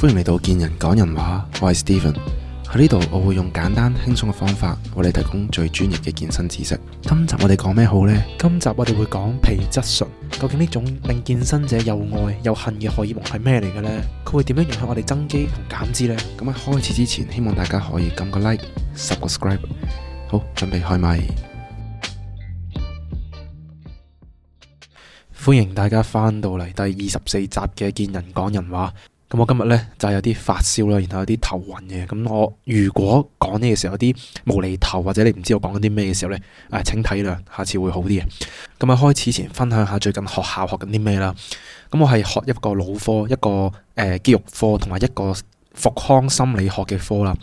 歡迎嚟到健人港人話，我係 Steven 喺呢度，我會用簡單輕鬆嘅方法為你提供最專業嘅健身知識。今集我哋講咩好呢？今集我哋會講皮質醇，究竟呢種令健身者又愛又恨嘅荷爾蒙係咩嚟嘅呢？佢會點樣影響我哋增肌同減脂呢？咁喺開始之前，希望大家可以撳個 like，十個 subscribe，好，準備開咪。歡迎大家翻到嚟第二十四集嘅健人港人話。咁我今日咧就係有啲發燒啦，然後有啲頭暈嘅。咁我如果講呢嘅時候有啲無厘頭，或者你唔知道我講緊啲咩嘅時候咧，誒，請體諒，下次會好啲嘅。咁啊，開始前分享下最近學校學緊啲咩啦。咁我係學一個腦科、一個誒肌肉科同埋一個復康心理學嘅科啦。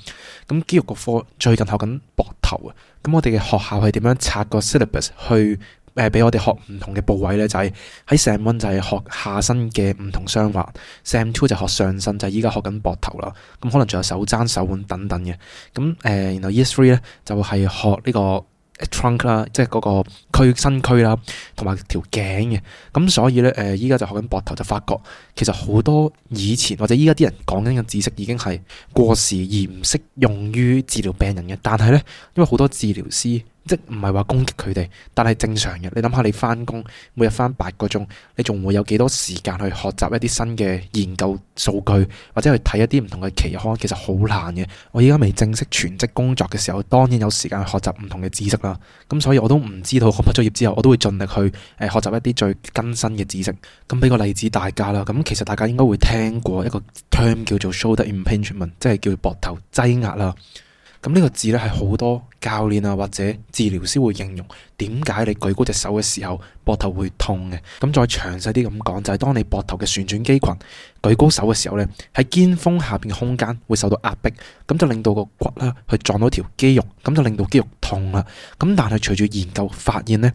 咁肌肉個科最近學緊膊頭啊。咁我哋嘅學校係點樣拆個 syllabus 去？誒俾、呃、我哋學唔同嘅部位咧，就係喺 Sam One 就係學下身嘅唔同雙滑，Sam Two 就學上身，就係依家學緊膊頭啦。咁、嗯、可能仲有手踭、手腕等等嘅。咁、嗯、誒、呃，然後 Year Three 咧就係、是、學呢個 trunk 啦，即係嗰個軀身軀啦，同埋條頸嘅。咁、嗯、所以咧誒，依、呃、家就學緊膊頭，就發覺其實好多以前或者依家啲人講緊嘅知識已經係過時而唔適用於治療病人嘅。但係咧，因為好多治療師。即唔係話攻擊佢哋，但係正常嘅。你諗下，你翻工每日翻八個鐘，你仲會有幾多時間去學習一啲新嘅研究數據，或者去睇一啲唔同嘅期刊？其實好難嘅。我依家未正式全職工作嘅時候，當然有時間去學習唔同嘅知識啦。咁所以我都唔知道我畢咗業之後，我都會盡力去誒學習一啲最更新嘅知識。咁俾個例子大家啦，咁其實大家應該會聽過一個 term 叫做 shoulder impingement 即係叫膊頭擠壓啦。咁呢個字咧，係好多教練啊或者治療師會應用。點解你舉高隻手嘅時候膊頭會痛嘅？咁再詳細啲咁講，就係、是、當你膊頭嘅旋轉肌群舉高手嘅時候呢喺肩峰下邊嘅空間會受到壓迫，咁就令到個骨啦去撞到條肌肉，咁就令到肌肉痛啦。咁但係隨住研究發現呢，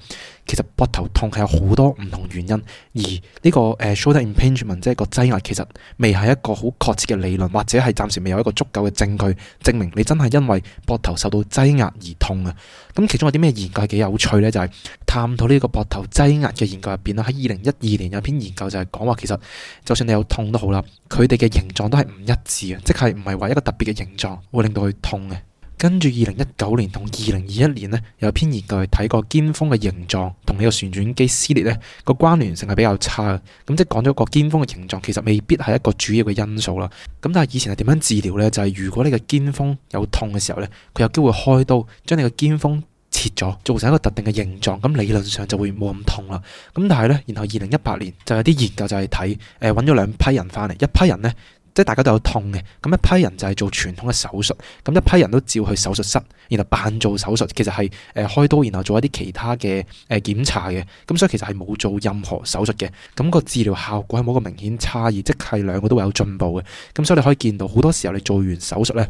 其實膊頭痛係有好多唔同原因，而呢個誒 shoulder impingement 即係個擠壓，其實未係一個好確切嘅理論，或者係暫時未有一個足夠嘅證據證明你真係因為膊頭受到擠壓而痛啊。咁其中有啲咩研究係幾有趣？佢咧就係探討呢個膊頭擠壓嘅研究入邊啦。喺二零一二年有篇研究就係講話，其實就算你有痛都好啦，佢哋嘅形狀都係唔一致嘅，即係唔係話一個特別嘅形狀會令到佢痛嘅。跟住二零一九年同二零二一年呢，有篇研究係睇過肩峰嘅形狀同你個旋轉肌撕裂呢個關聯性係比較差嘅。咁即係講咗個肩峰嘅形狀其實未必係一個主要嘅因素啦。咁但係以前係點樣治療呢？就係如果你個肩峰有痛嘅時候呢，佢有機會開刀將你個肩峰切咗，做成一個特定嘅形狀，咁理論上就會冇咁痛啦。咁但係呢，然後二零一八年就有啲研究就係睇，誒揾咗兩批人翻嚟，一批人呢，即係大家都有痛嘅，咁一批人就係做傳統嘅手術，咁一批人都照去手術室，然後扮做手術，其實係誒開刀，然後做一啲其他嘅誒檢查嘅，咁所以其實係冇做任何手術嘅，咁個治療效果係冇個明顯差異，即係兩個都會有進步嘅，咁所以你可以見到好多時候你做完手術呢。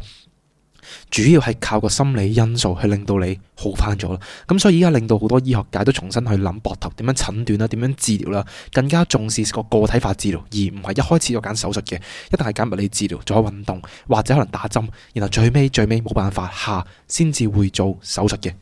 主要係靠個心理因素去令到你好翻咗啦，咁所以而家令到好多醫學界都重新去諗膊頭點樣診斷啦，點樣治療啦，更加重視個個體化治療，而唔係一開始就揀手術嘅，一定係揀物理治療，做下運動或者可能打針，然後最尾最尾冇辦法下，先至會做手術嘅。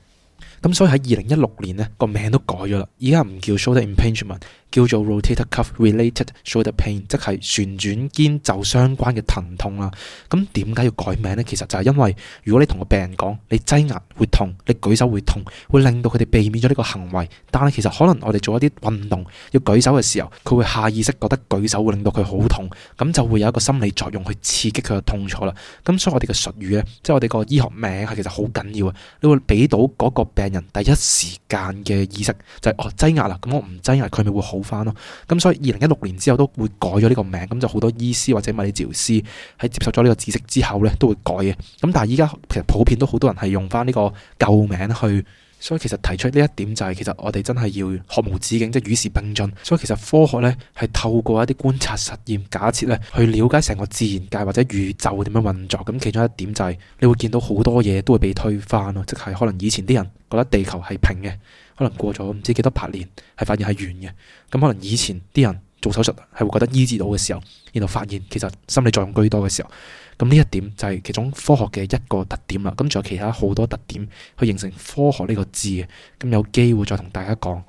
咁所以喺二零一六年呢個名都改咗啦，依家唔叫 shoulder impingement，叫做 rotator cuff related shoulder pain，即係旋轉肩袖相關嘅疼痛啦。咁點解要改名咧？其實就係因為如果你同個病人講，你擠壓會痛，你舉手會痛，會令到佢哋避免咗呢個行為。但係其實可能我哋做一啲運動，要舉手嘅時候，佢會下意識覺得舉手會令到佢好痛，咁就會有一個心理作用去刺激佢嘅痛楚啦。咁所以我哋嘅術語咧，即係我哋個醫學名係其實好緊要啊。你會俾到嗰個病人第一時間嘅意識就係、是、哦擠壓啦，咁我唔擠壓佢咪會好。翻咯，咁、嗯、所以二零一六年之後都會改咗呢個名，咁就好多醫師或者物理治療師喺接受咗呢個知識之後呢都會改嘅。咁但係依家其實普遍都好多人係用翻呢個舊名去。所以其實提出呢一點就係，其實我哋真係要學無止境，即係與時並進。所以其實科學呢，係透過一啲觀察、實驗、假設呢，去了解成個自然界或者宇宙點樣運作。咁其中一點就係，你會見到好多嘢都會被推翻咯，即係可能以前啲人覺得地球係平嘅，可能過咗唔知幾多百年係發現係圓嘅。咁可能以前啲人做手術係會覺得醫治到嘅時候，然後發現其實心理作用居多嘅時候，咁呢一點就係其中科學嘅一個特點啦。咁仲有其他好多特點去形成科學呢個字嘅，咁有機會再同大家講。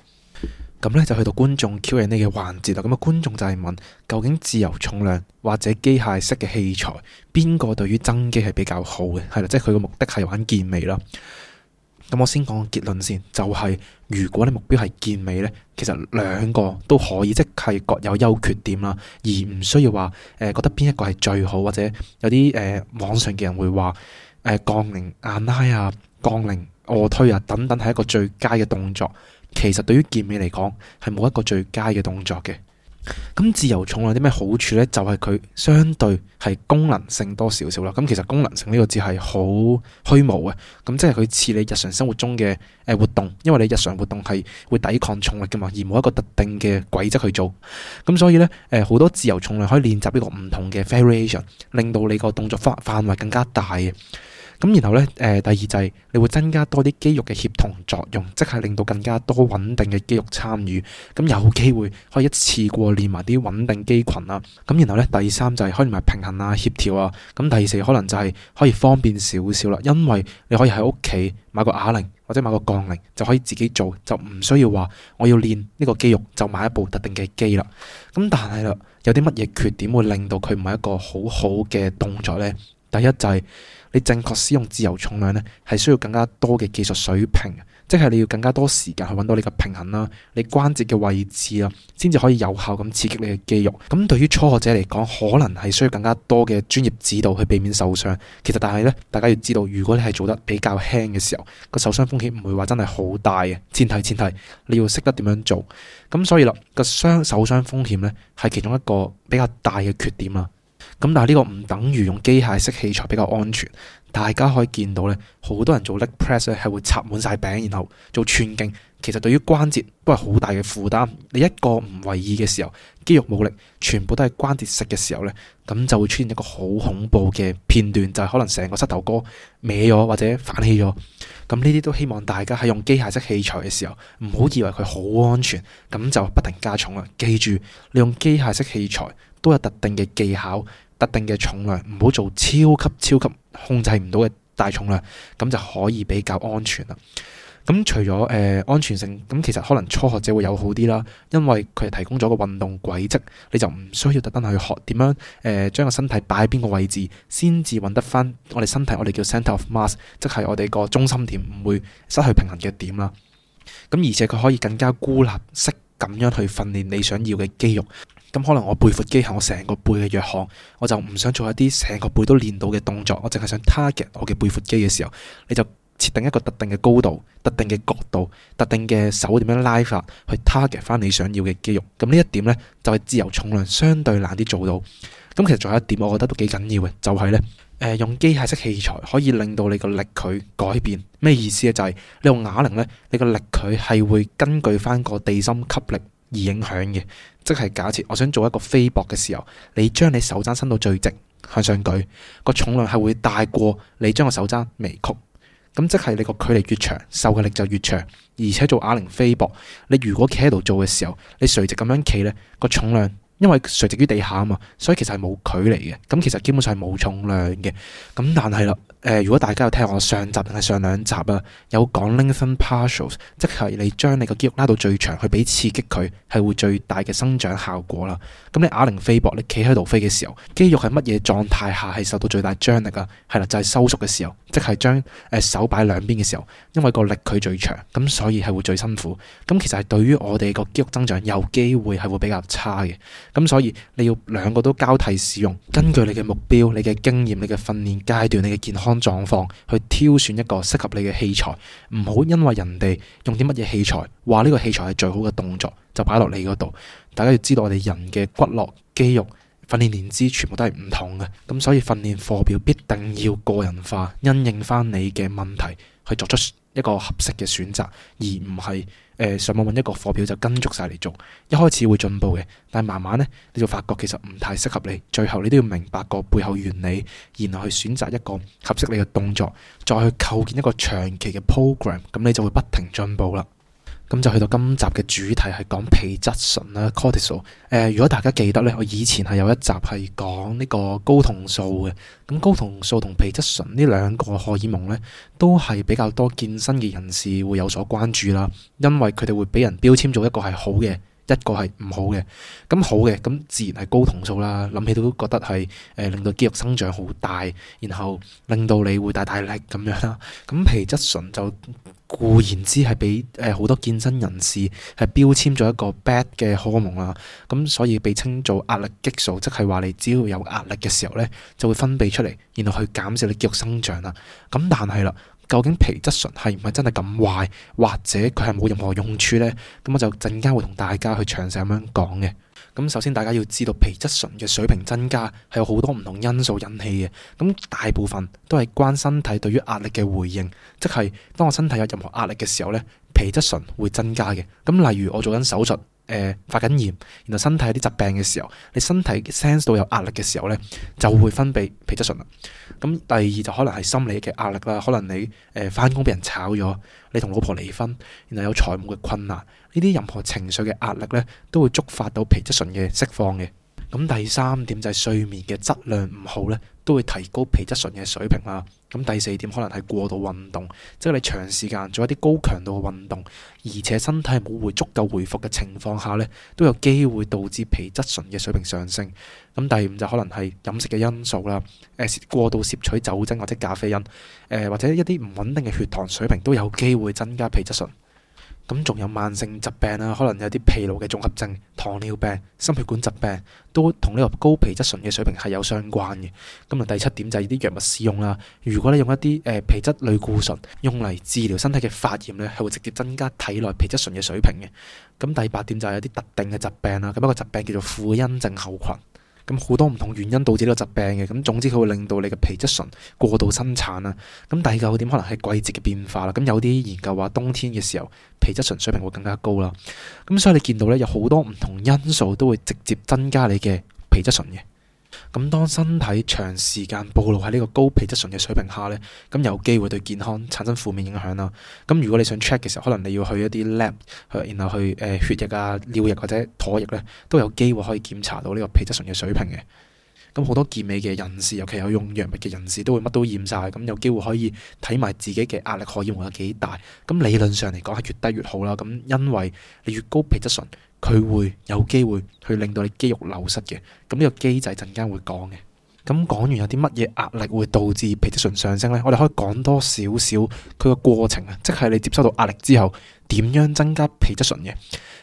咁呢就去到觀眾 Q&A 嘅環節啦。咁啊，觀眾就係問究竟自由重量或者機械式嘅器材邊個對於增肌係比較好嘅？係啦，即係佢個目的係玩健美啦。咁我先講個結論先，就係、是、如果你目標係健美咧，其實兩個都可以，即係各有優缺點啦，而唔需要話誒覺得邊一個係最好，或者有啲誒網上嘅人會話誒、呃、槓鈴硬拉啊、槓鈴卧、呃、推啊等等係一個最佳嘅動作，其實對於健美嚟講係冇一個最佳嘅動作嘅。咁自由重量有啲咩好處咧？就係佢相對係功能性多少少啦。咁其實功能性呢個字係好虛無嘅。咁即係佢似你日常生活中嘅誒活動，因為你日常活動係會抵抗重力㗎嘛，而冇一個特定嘅軌跡去做。咁所以咧，誒好多自由重量可以練習呢個唔同嘅 variation，令到你個動作範範圍更加大嘅。咁然後咧，誒第二就係你會增加多啲肌肉嘅協同作用，即係令到更加多穩定嘅肌肉參與。咁有機會可以一次過練埋啲穩定肌群啊。咁然後咧，第三就係可以同埋平衡啊、協調啊。咁第四可能就係可以方便少少啦，因為你可以喺屋企買個啞鈴或者買個槓鈴就可以自己做，就唔需要話我要練呢個肌肉就買一部特定嘅機啦。咁但係啦，有啲乜嘢缺點會令到佢唔係一個好好嘅動作呢？第一就係你正確使用自由重量呢，係需要更加多嘅技術水平，即係你要更加多時間去揾到你嘅平衡啦，你關節嘅位置啊，先至可以有效咁刺激你嘅肌肉。咁對於初學者嚟講，可能係需要更加多嘅專業指導去避免受傷。其實但係呢，大家要知道，如果你係做得比較輕嘅時候，個受傷風險唔會話真係好大嘅。前提前提，你要識得點樣做。咁所以啦，個傷受傷風險呢，係其中一個比較大嘅缺點啦。咁但係呢個唔等於用機械式器材比較安全，大家可以見到呢，好多人做 leg press 咧係會插滿晒餅，然後做穿頸，其實對於關節都係好大嘅負擔。你一個唔為意嘅時候，肌肉冇力，全部都係關節食嘅時候呢，咁就會出現一個好恐怖嘅片段，就係可能成個膝頭哥歪咗或者反起咗。咁呢啲都希望大家喺用機械式器材嘅時候，唔好以為佢好安全，咁就不停加重啦。記住，你用機械式器材都有特定嘅技巧，特定嘅重量，唔好做超級超級控制唔到嘅大重量，咁就可以比較安全啦。咁除咗誒、呃、安全性，咁其實可能初學者會有好啲啦，因為佢係提供咗個運動軌跡，你就唔需要特登去學點樣誒、呃、將個身體擺喺邊個位置，先至穩得翻我哋身體，我哋叫 centre of mass，即係我哋個中心點，唔會失去平衡嘅點啦。咁而且佢可以更加孤立式咁樣去訓練你想要嘅肌肉。咁可能我背闊肌係，我成個背嘅弱項，我就唔想做一啲成個背都練到嘅動作，我淨係想 target 我嘅背闊肌嘅時候，你就設定一個特定嘅高度、特定嘅角度、特定嘅手點樣拉法去 target 翻你想要嘅肌肉。咁呢一點呢，就係自由重量相對難啲做到。咁其實仲有一點，我覺得都幾緊要嘅，就係呢：誒、呃、用機械式器材可以令到你個力矩改變。咩意思呢？就係你用啞鈴呢，你個力矩係會根據翻個地心吸力。而影響嘅，即係假設我想做一個飛搏嘅時候，你將你手踭伸到最直向上舉，個重量係會大過你將個手踭微曲。咁即係你個距離越長，受嘅力就越長。而且做啞鈴飛搏，你如果企喺度做嘅時候，你垂直咁樣企呢，個重量。因為垂直於地下啊嘛，所以其實係冇距離嘅，咁其實基本上係冇重量嘅。咁但係啦，誒、呃，如果大家有聽我上集定係上兩集啦，有講 lengthen partials，即係你將你個肌肉拉到最長去俾刺激佢，係會最大嘅生長效果啦。咁你啞鈴飛搏，你企喺度飛嘅時候，肌肉係乜嘢狀態下係受到最大張力啊？係啦，就係、是、收縮嘅時候，即係將誒手擺兩邊嘅時候，因為個力距最長，咁所以係會最辛苦。咁其實係對於我哋個肌肉增長有機會係會比較差嘅。咁所以你要兩個都交替使用，根據你嘅目標、你嘅經驗、你嘅訓練階段、你嘅健康狀況去挑選一個適合你嘅器材，唔好因為人哋用啲乜嘢器材，話呢個器材係最好嘅動作就擺落你嗰度。大家要知道我哋人嘅骨骼、肌肉、訓練年資全部都係唔同嘅，咁所以訓練課表必定要個人化，因應翻你嘅問題去作出一個合適嘅選擇，而唔係上網揾一個課表就跟足晒嚟做，一開始會進步嘅，但係慢慢呢，你就發覺其實唔太適合你，最後你都要明白個背後原理，然後去選擇一個合適你嘅動作，再去構建一個長期嘅 program，咁你就會不停進步啦。咁就去到今集嘅主題係講皮質醇啦，cortisol。誒 Cort、呃，如果大家記得咧，我以前係有一集係講呢個睾酮素嘅。咁睾酮素同皮質醇呢兩個荷爾蒙咧，都係比較多健身嘅人士會有所關注啦，因為佢哋會俾人標籤做一個係好嘅，一個係唔好嘅，咁好嘅，咁自然係睾酮素啦。諗起都覺得係，誒令到肌肉生長好大，然後令到你會大大力咁樣啦。咁皮質醇就固然之係俾誒好多健身人士係標籤咗一個 bad 嘅荷爾蒙啦。咁所以被稱做壓力激素，即係話你只要有壓力嘅時候咧，就會分泌出嚟，然後去減少你肌肉生長啦。咁但係啦。究竟皮質醇係唔係真係咁壞，或者佢係冇任何用處呢？咁我就陣間會同大家去詳細咁樣講嘅。咁首先大家要知道皮質醇嘅水平增加係有好多唔同因素引起嘅。咁大部分都係關身體對於壓力嘅回應，即係當我身體有任何壓力嘅時候呢，皮質醇會增加嘅。咁例如我做緊手術。誒、呃，發緊炎，然後身體有啲疾病嘅時候，你身體 sense 到有壓力嘅時候呢，就會分泌皮質醇啦。咁第二就可能係心理嘅壓力啦，可能你誒返工俾人炒咗，你同老婆離婚，然後有財務嘅困難，呢啲任何情緒嘅壓力呢，都會觸發到皮質醇嘅釋放嘅。咁第三點就係睡眠嘅質量唔好呢，都會提高皮質醇嘅水平啦。咁第四點可能係過度運動，即係你長時間做一啲高強度嘅運動，而且身體冇會足夠回復嘅情況下呢，都有機會導致皮質醇嘅水平上升。咁第五就可能係飲食嘅因素啦，誒過度攝取酒精或者咖啡因，誒、呃、或者一啲唔穩定嘅血糖水平都有機會增加皮質醇。咁仲有慢性疾病啦，可能有啲疲勞嘅綜合症、糖尿病、心血管疾病，都同呢個高皮質醇嘅水平係有相關嘅。咁啊第七點就係啲藥物使用啦，如果你用一啲誒皮質類固醇用嚟治療身體嘅發炎咧，係會直接增加體內皮質醇嘅水平嘅。咁第八點就係有啲特定嘅疾病啦，咁一個疾病叫做庫欣症候群。咁好多唔同原因導致呢個疾病嘅，咁總之佢會令到你嘅皮質醇過度生產啦。咁第九個點可能係季節嘅變化啦。咁有啲研究話冬天嘅時候，皮質醇水平會更加高啦。咁所以你見到咧，有好多唔同因素都會直接增加你嘅皮質醇嘅。咁當身體長時間暴露喺呢個高皮質醇嘅水平下呢，咁有機會對健康產生負面影響啦。咁如果你想 check 嘅時候，可能你要去一啲 lab，然後去血液啊、尿液或者唾液呢，都有機會可以檢查到呢個皮質醇嘅水平嘅。咁好多健美嘅人士，尤其有用藥物嘅人士，都會乜都驗晒，咁有機會可以睇埋自己嘅壓力荷爾蒙有幾大。咁理論上嚟講係越低越好啦。咁因為你越高皮質醇。佢會有機會去令到你肌肉流失嘅，咁呢個機制陣間會講嘅。咁講完有啲乜嘢壓力會導致皮質醇上升呢？我哋可以講多少少佢個過程啊，即係你接收到壓力之後點樣增加皮質醇嘅，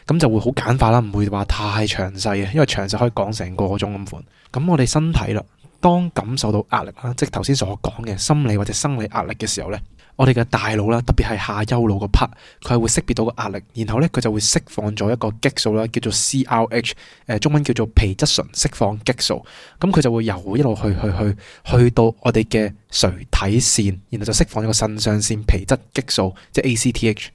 咁就會好簡化啦，唔會話太詳細啊，因為詳細可以講成個鐘咁款。咁我哋身體啦，當感受到壓力啦，即係頭先所講嘅心理或者生理壓力嘅時候呢。我哋嘅大腦啦，特別係下丘腦個 part，佢係會識別到個壓力，然後咧佢就會釋放咗一個激素啦，叫做 CRH，誒、呃、中文叫做皮質醇釋放激素、嗯，咁佢就會由一路去去去去到我哋嘅垂體腺，然後就釋放咗個腎上腺皮質激素，即係 ACTH。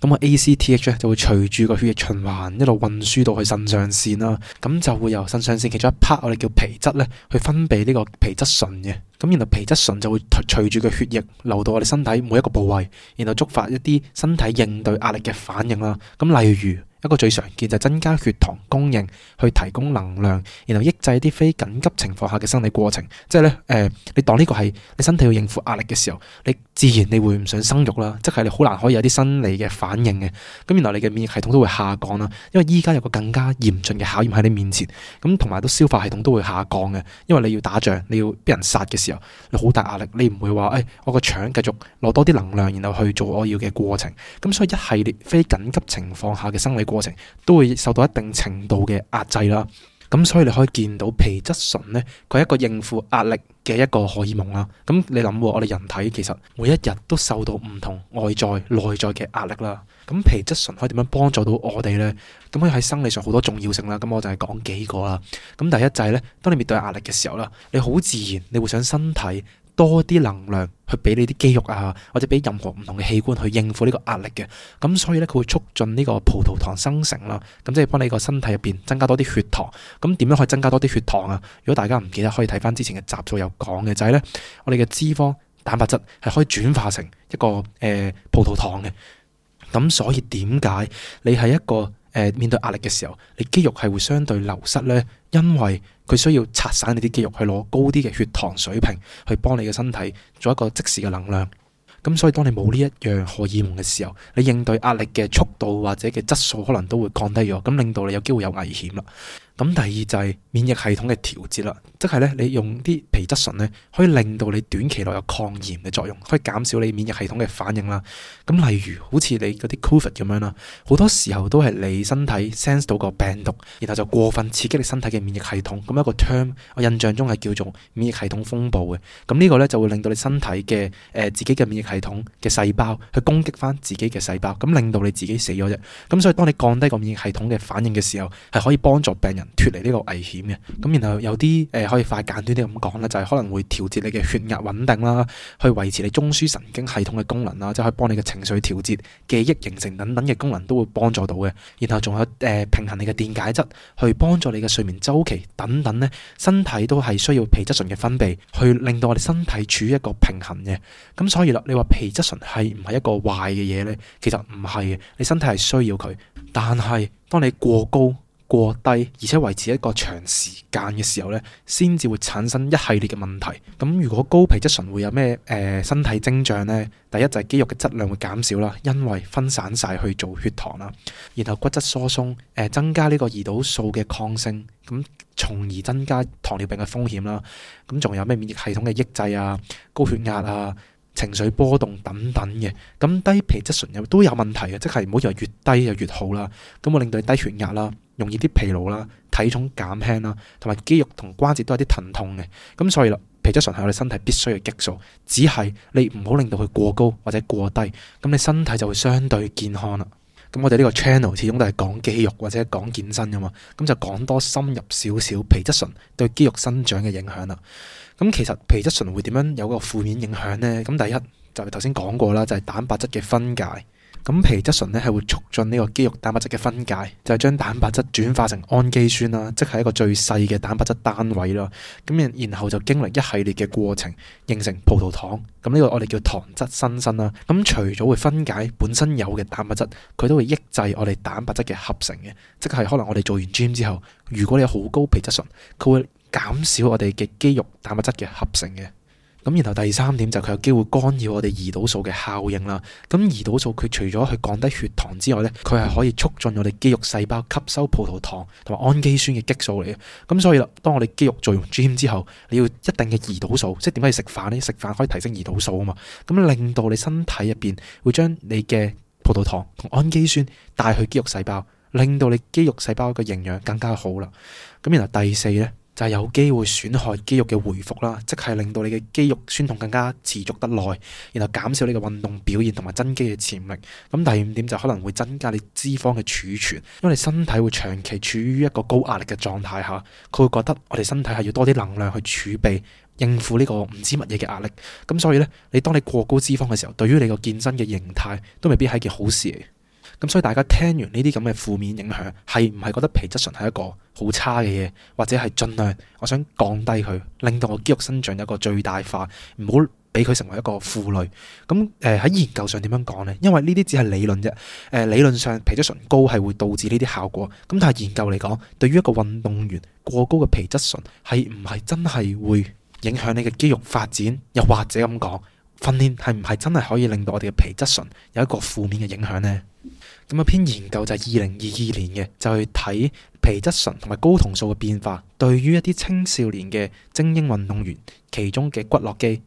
咁我 ACTH 咧就會隨住個血液循環一路運輸到去腎上腺啦，咁就會由腎上腺其中一 part 我哋叫皮質咧去分泌呢個皮質醇嘅，咁然後皮質醇就會隨住個血液流到我哋身體每一個部位，然後觸發一啲身體應對壓力嘅反應啦，咁例如。一個最常見就係增加血糖供應，去提供能量，然後抑制啲非緊急情況下嘅生理過程。即係咧，誒、呃，你當呢個係你身體要應付壓力嘅時候，你自然你會唔想生育啦，即係你好難可以有啲生理嘅反應嘅。咁原來你嘅免疫系統都會下降啦，因為依家有個更加嚴峻嘅考驗喺你面前。咁同埋都消化系統都會下降嘅，因為你要打仗，你要俾人殺嘅時候，你好大壓力，你唔會話誒、哎，我個腸繼續攞多啲能量，然後去做我要嘅過程。咁所以一系列非緊急情況下嘅生理過過程都會受到一定程度嘅壓制啦，咁所以你可以見到皮質醇呢，佢係一個應付壓力嘅一個荷爾蒙啦。咁你諗，啊，我哋人體其實每一日都受到唔同外在、內在嘅壓力啦。咁皮質醇可以點樣幫助到我哋呢？咁佢喺生理上好多重要性啦。咁我就係講幾個啦。咁第一就係呢，當你面對壓力嘅時候啦，你好自然你會想身體。多啲能量去俾你啲肌肉啊，或者俾任何唔同嘅器官去應付呢個壓力嘅，咁所以呢，佢會促進呢個葡萄糖生成啦，咁即係幫你個身體入邊增加多啲血糖。咁點樣可以增加多啲血糖啊？如果大家唔記得，可以睇翻之前嘅集數有講嘅，就係呢：我哋嘅脂肪、蛋白質係可以轉化成一個誒、呃、葡萄糖嘅。咁所以點解你係一個，面對壓力嘅時候，你肌肉係會相對流失呢，因為佢需要拆散你啲肌肉去攞高啲嘅血糖水平，去幫你嘅身體做一個即時嘅能量。咁所以當你冇呢一樣荷爾蒙嘅時候，你應對壓力嘅速度或者嘅質素可能都會降低咗，咁令到你有機會有危險啦。咁第二就係免疫系統嘅調節啦，即係咧你用啲皮質醇咧，可以令到你短期內有抗炎嘅作用，可以減少你免疫系統嘅反應啦。咁例如好似你嗰啲 Covid 咁樣啦，好多時候都係你身體 sense 到個病毒，然後就過分刺激你身體嘅免疫系統，咁一個 term 我印象中係叫做免疫系統風暴嘅。咁呢個咧就會令到你身體嘅誒、呃、自己嘅免疫系統嘅細胞去攻擊翻自己嘅細胞，咁令到你自己死咗啫。咁所以當你降低個免疫系統嘅反應嘅時候，係可以幫助病人脱離呢個危險嘅，咁然後有啲誒、呃、可以快簡短啲咁講啦，就係、是、可能會調節你嘅血壓穩定啦，去維持你中樞神經系統嘅功能啦，即係可以幫你嘅情緒調節、記憶形成等等嘅功能都會幫助到嘅。然後仲有誒、呃、平衡你嘅電解質，去幫助你嘅睡眠周期等等呢，身體都係需要皮質醇嘅分泌，去令到我哋身體處於一個平衡嘅。咁所以啦，你話皮質醇係唔係一個壞嘅嘢呢？其實唔係嘅，你身體係需要佢，但係當你過高。過低而且維持一個長時間嘅時候咧，先至會產生一系列嘅問題。咁如果高皮質醇會有咩誒、呃、身體徵象呢？第一就係、是、肌肉嘅質量會減少啦，因為分散晒去做血糖啦。然後骨質疏鬆，誒、呃、增加呢個胰島素嘅抗性，咁從而增加糖尿病嘅風險啦。咁仲有咩免疫系統嘅抑制啊、高血壓啊、情緒波動等等嘅。咁低皮質醇又都有問題嘅，即係唔好以為越低就越好啦。咁會令到你低血壓啦。容易啲疲勞啦、體重減輕啦，同埋肌肉同關節都有啲疼痛嘅。咁所以啦，皮質醇係我哋身體必須嘅激素，只係你唔好令到佢過高或者過低，咁你身體就會相對健康啦。咁我哋呢個 channel 始終都係講肌肉或者講健身嘅嘛，咁就講多深入少少皮質醇對肌肉生長嘅影響啦。咁其實皮質醇會點樣有個負面影響呢？咁第一就係頭先講過啦，就係、就係、蛋白質嘅分解。咁皮質醇咧係會促進呢個肌肉蛋白質嘅分解，就係將蛋白質轉化成氨基酸啦，即係一個最細嘅蛋白質單位啦。咁然然後就經歷一系列嘅過程，形成葡萄糖。咁呢個我哋叫糖質新生啦。咁除咗會分解本身有嘅蛋白質，佢都會抑制我哋蛋白質嘅合成嘅。即係可能我哋做完 gym 之後，如果你有好高皮質醇，佢會減少我哋嘅肌肉蛋白質嘅合成嘅。咁，然後第三點就係佢有機會干擾我哋胰島素嘅效應啦。咁胰島素佢除咗去降低血糖之外咧，佢係可以促進我哋肌肉細胞吸收葡萄糖同埋氨基酸嘅激素嚟嘅。咁所以啦，當我哋肌肉做完 gym 之後，你要一定嘅胰島素，即係點解要食飯呢？食飯可以提升胰島素啊嘛。咁令到你身體入邊會將你嘅葡萄糖同氨基酸帶去肌肉細胞，令到你肌肉細胞嘅營養更加好啦。咁然後第四咧。就係有機會損害肌肉嘅回復啦，即係令到你嘅肌肉酸痛更加持續得耐，然後減少你嘅運動表現同埋增肌嘅潛力。咁第五點就可能會增加你脂肪嘅儲存，因為你身體會長期處於一個高壓力嘅狀態下，佢會覺得我哋身體係要多啲能量去儲備應付呢個唔知乜嘢嘅壓力。咁所以呢，你當你過高脂肪嘅時候，對於你個健身嘅形態都未必係一件好事嚟。咁所以大家聽完呢啲咁嘅負面影響，係唔係覺得皮質醇係一個好差嘅嘢，或者係盡量我想降低佢，令到我肌肉生長一個最大化，唔好俾佢成為一個負累。咁誒喺研究上點樣講呢？因為呢啲只係理論啫。誒、呃、理論上皮質醇高係會導致呢啲效果，咁但係研究嚟講，對於一個運動員過高嘅皮質醇係唔係真係會影響你嘅肌肉發展，又或者咁講？訓練係唔係真係可以令到我哋嘅皮質醇有一個負面嘅影響呢？咁一篇研究就係二零二二年嘅，就去睇皮質醇同埋睾酮素嘅變化，對於一啲青少年嘅精英運動員，其中嘅骨骼肌。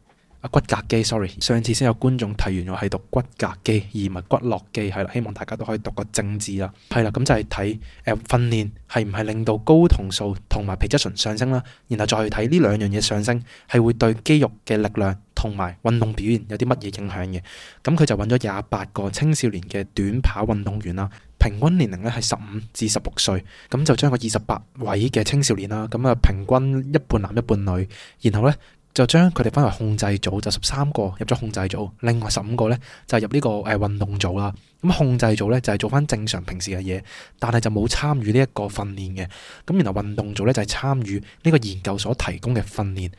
骨骼肌，sorry，上次先有觀眾提完我係讀骨骼肌，而唔係骨絡肌，係啦，希望大家都可以讀個正字啦，係啦，咁就係睇誒訓練係唔係令到睾酮素同埋皮質醇上升啦，然後再去睇呢兩樣嘢上升係會對肌肉嘅力量同埋運動表現有啲乜嘢影響嘅，咁佢就揾咗廿八個青少年嘅短跑運動員啦，平均年齡咧係十五至十六歲，咁就將個二十八位嘅青少年啦，咁啊平均一半男一半女，然後呢。就將佢哋分為控制組，就十三個入咗控制組，另外十五個呢就係入呢個誒運動組啦。咁控制組呢就係做翻正常平時嘅嘢，但係就冇參與呢一個訓練嘅。咁原來運動組呢就係參與呢個研究所提供嘅訓練。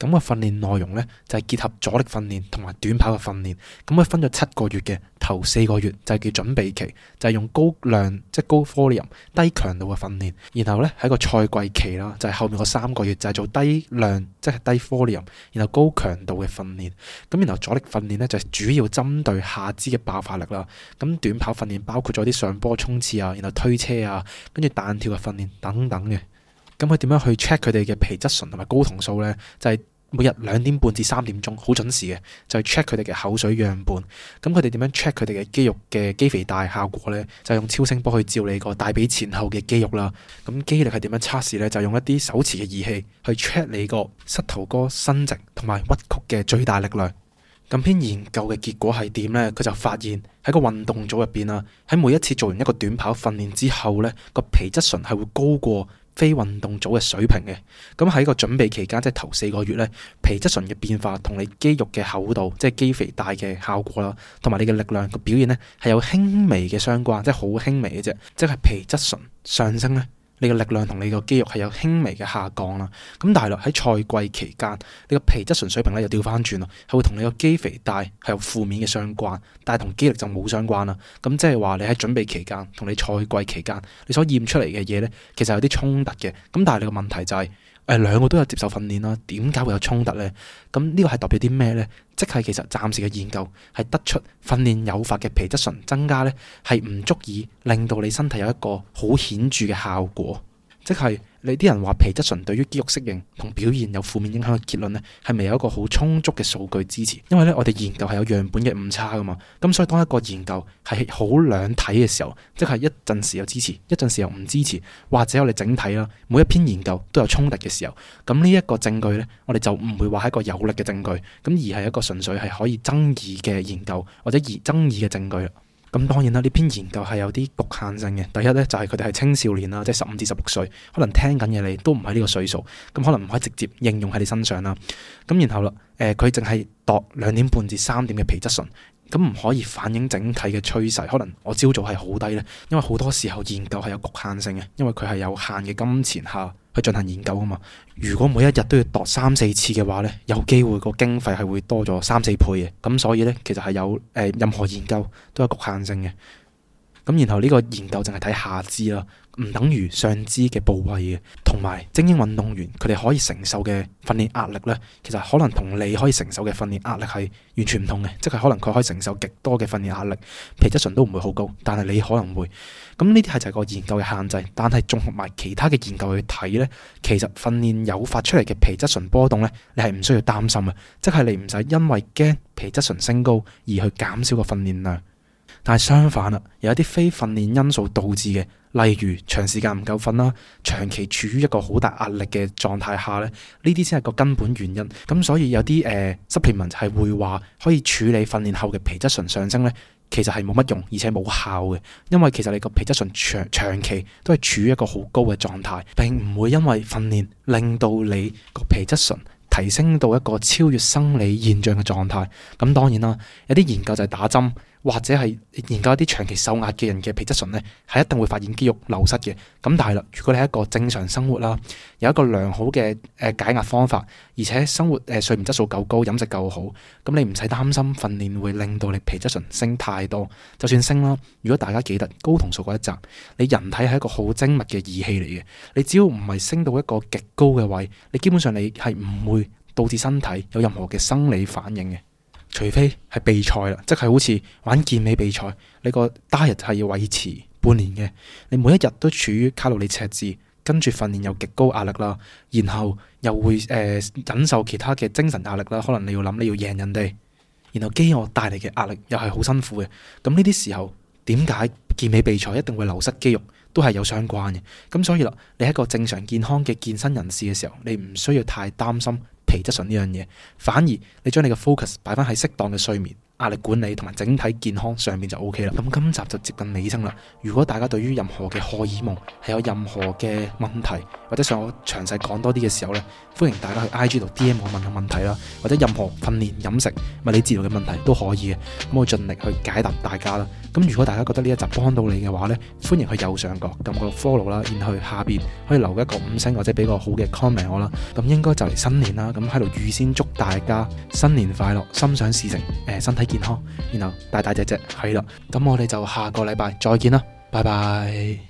咁嘅訓練內容咧就係結合阻力訓練同埋短跑嘅訓練，咁佢分咗七個月嘅，頭四個月就係叫準備期，就係用高量即係高 volume 低強度嘅訓練，然後咧喺個賽季期啦，就係後面嗰三個月就係做低量即係低 volume 然後高強度嘅訓練，咁然後阻力訓練咧就係主要針對下肢嘅爆發力啦，咁短跑訓練包括咗啲上坡衝刺啊，然後推車啊，跟住彈跳嘅訓練等等嘅。咁佢點樣去 check 佢哋嘅皮質醇同埋睾酮素呢？就係、是、每日兩點半至三點鐘，好準時嘅，就係 check 佢哋嘅口水樣本。咁佢哋點樣 check 佢哋嘅肌肉嘅肌肥大效果呢？就是、用超聲波去照你個大髀前後嘅肌肉啦。咁肌力係點樣測試呢？就是、用一啲手持嘅儀器去 check 你個膝頭哥伸直同埋屈曲嘅最大力量。咁篇研究嘅結果係點呢？佢就發現喺個運動組入邊啊，喺每一次做完一個短跑訓練之後呢，個皮質醇係會高過非運動組嘅水平嘅，咁喺個準備期間，即係頭四個月咧，皮質醇嘅變化同你肌肉嘅厚度，即係肌肥大嘅效果啦，同埋你嘅力量嘅表現咧，係有輕微嘅相關，即係好輕微嘅啫，即係皮質醇上升咧。你個力量同你個肌肉係有輕微嘅下降啦，咁但係喺賽季期間，你個皮質醇水平咧又掉翻轉啦，係會同你個肌肥大係有負面嘅相關，但係同肌力就冇相關啦。咁即係話你喺準備期間同你賽季期間，你所驗出嚟嘅嘢咧，其實有啲衝突嘅。咁但係你個問題就係、是。誒兩個都有接受訓練啦，點解會有衝突咧？咁、這、呢個係代表啲咩咧？即係其實暫時嘅研究係得出訓練誘發嘅皮質醇增加咧，係唔足以令到你身體有一個好顯著嘅效果。即係你啲人話皮質醇對於肌肉適應同表現有負面影響嘅結論咧，係未有一個好充足嘅數據支持。因為咧，我哋研究係有樣本嘅誤差噶嘛。咁所以當一個研究係好兩體嘅時候，即係一陣時又支持，一陣時又唔支持，或者我哋整體啦，每一篇研究都有衝突嘅時候，咁呢一個證據咧，我哋就唔會話係一個有力嘅證據，咁而係一個純粹係可以爭議嘅研究或者而爭議嘅證據。咁當然啦，呢篇研究係有啲局限性嘅。第一咧就係佢哋係青少年啦，即係十五至十六歲，可能聽緊嘢你都唔係呢個歲數，咁可能唔可以直接應用喺你身上啦。咁然後啦，誒佢淨係度兩點半至三點嘅皮質醇。咁唔可以反映整體嘅趨勢，可能我朝早係好低呢，因為好多時候研究係有局限性嘅，因為佢係有限嘅金錢下去進行研究㗎嘛。如果每一日都要度三四次嘅話呢，有機會個經費係會多咗三四倍嘅，咁所以呢，其實係有誒、呃、任何研究都有局限性嘅。咁然後呢個研究淨係睇下肢啦，唔等於上肢嘅部位嘅，同埋精英運動員佢哋可以承受嘅訓練壓力呢，其實可能同你可以承受嘅訓練壓力係完全唔同嘅，即係可能佢可以承受極多嘅訓練壓力，皮質醇都唔會好高，但係你可能會。咁呢啲係就係個研究嘅限制，但係綜合埋其他嘅研究去睇呢，其實訓練誘發出嚟嘅皮質醇波動呢，你係唔需要擔心嘅，即係你唔使因為驚皮質醇升高而去減少個訓練量。但係相反啦，有一啲非訓練因素導致嘅，例如長時間唔夠瞓啦，長期處於一個好大壓力嘅狀態下咧，呢啲先係個根本原因。咁所以有啲誒，supplement 係會話可以處理訓練後嘅皮質醇上升咧，其實係冇乜用，而且冇效嘅，因為其實你個皮質醇長長期都係處於一個好高嘅狀態，並唔會因為訓練令到你個皮質醇提升到一個超越生理現象嘅狀態。咁當然啦，有啲研究就係打針。或者係研究一啲長期受壓嘅人嘅皮質醇咧，係一定會發現肌肉流失嘅。咁但係啦，如果你係一個正常生活啦，有一個良好嘅誒解壓方法，而且生活誒睡眠質素夠高，飲食夠好，咁你唔使擔心訓練會令到你皮質醇升太多。就算升啦，如果大家記得睾酮素嗰一集，你人體係一個好精密嘅儀器嚟嘅。你只要唔係升到一個極高嘅位，你基本上你係唔會導致身體有任何嘅生理反應嘅。除非係備賽啦，即係好似玩健美備賽，你個 diet 係要維持半年嘅，你每一日都處於卡路里赤字，跟住訓練又極高壓力啦，然後又會誒、呃、忍受其他嘅精神壓力啦，可能你要諗你要贏人哋，然後飢餓帶嚟嘅壓力又係好辛苦嘅，咁呢啲時候點解健美備賽一定會流失肌肉都係有相關嘅，咁所以啦，你係一個正常健康嘅健身人士嘅時候，你唔需要太擔心。皮質醇呢樣嘢，反而你將你嘅 focus 擺翻喺適當嘅睡眠、壓力管理同埋整體健康上面就 OK 啦。咁今集就接近尾聲啦。如果大家對於任何嘅荷爾蒙係有任何嘅問題，或者想我詳細講多啲嘅時候呢，歡迎大家去 I G 度 D M 我問嘅問題啦，或者任何訓練、飲食、物理治療嘅問題都可以嘅。咁我盡力去解答大家啦。咁如果大家覺得呢一集幫到你嘅話呢，歡迎去右上角撳個 Follow 啦，fo llow, 然後下邊可以留一個五星或者俾個好嘅 comment 我啦。咁應該就嚟新年啦。咁喺度預先祝大家新年快樂，心想事成，誒、呃、身體。健康，然後大大隻隻，係啦。咁我哋就下個禮拜再見啦，拜拜。